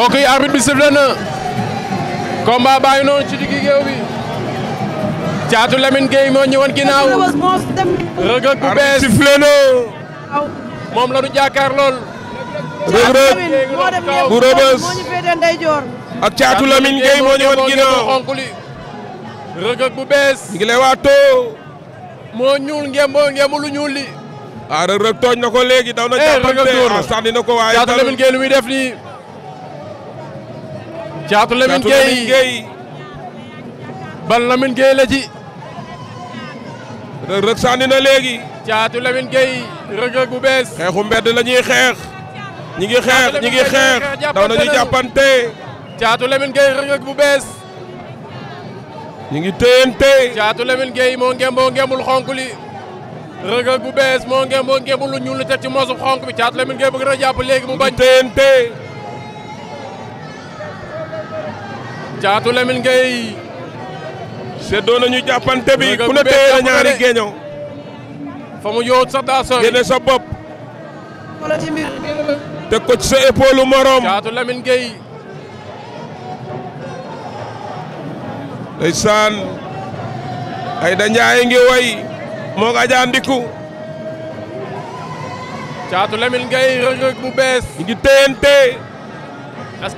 mbokk yi arbitre bi sifflé na baa ngi noonu ci diggi géew bi Caatu Lamine Gueye moo ñëwoon ginnaaw Reug Reug bu bees sifflé moom la ñu jàkkaar lool Reug Reug bu rëbës ak Caatu Lamine Gueye moo ngi lay waatoo moo ñuul ngem moo ngemu lu ñuul li ah tooñ na ko léegi daw na eh, jàppante ah sànni na ko waaye Caatu Lamine Gueye lu muy def nii Caatu Lamine Gueye bal Lamine Gueye la ci. rëg rëg sànni na léegi. Caatu Lamine Gueye rëg rëg bu bees. xeexu mbedd la ñuy xeex. ñi ngi xeex ñi ngi xeex daw nañu jàppante. Caatu Lamine Gueye rëg rëg bu bees. ñi ngi téyante. Caatu Lamine Gueye moo moo ngeemul xonk li. rëg rëg bu bees moo ngeem moo ngeemul lu ñuul li teg ci mosu xonk bi Caatu Lamine Gueye bëgg na jàpp léegi mu bañ. téyante. Caatu Lamine Gueye. seddoo nañu jàppante bi ku ne téye ñaari géeñoo. fa mu yowut sax daa sori génne sa bopp. ko ci sa épaule morom. Caatu ay da Njaay ngi way moo nga Adja Ndiku. Caatu Lamine Gueye rëg-rëg bu bees. ngi téyante. est-ce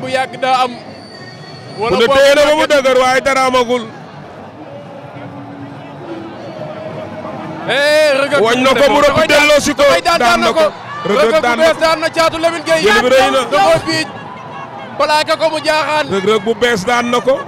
bu yàgg daa am. wala boobu téye na ba mu dëgër waaye dara amagul. Eh, daan na ko rëgg daan na caatu Lamine Gueye yàgg na da koo biij plaqué ko mu jaaxaan. rëgg bu bees daan na ko.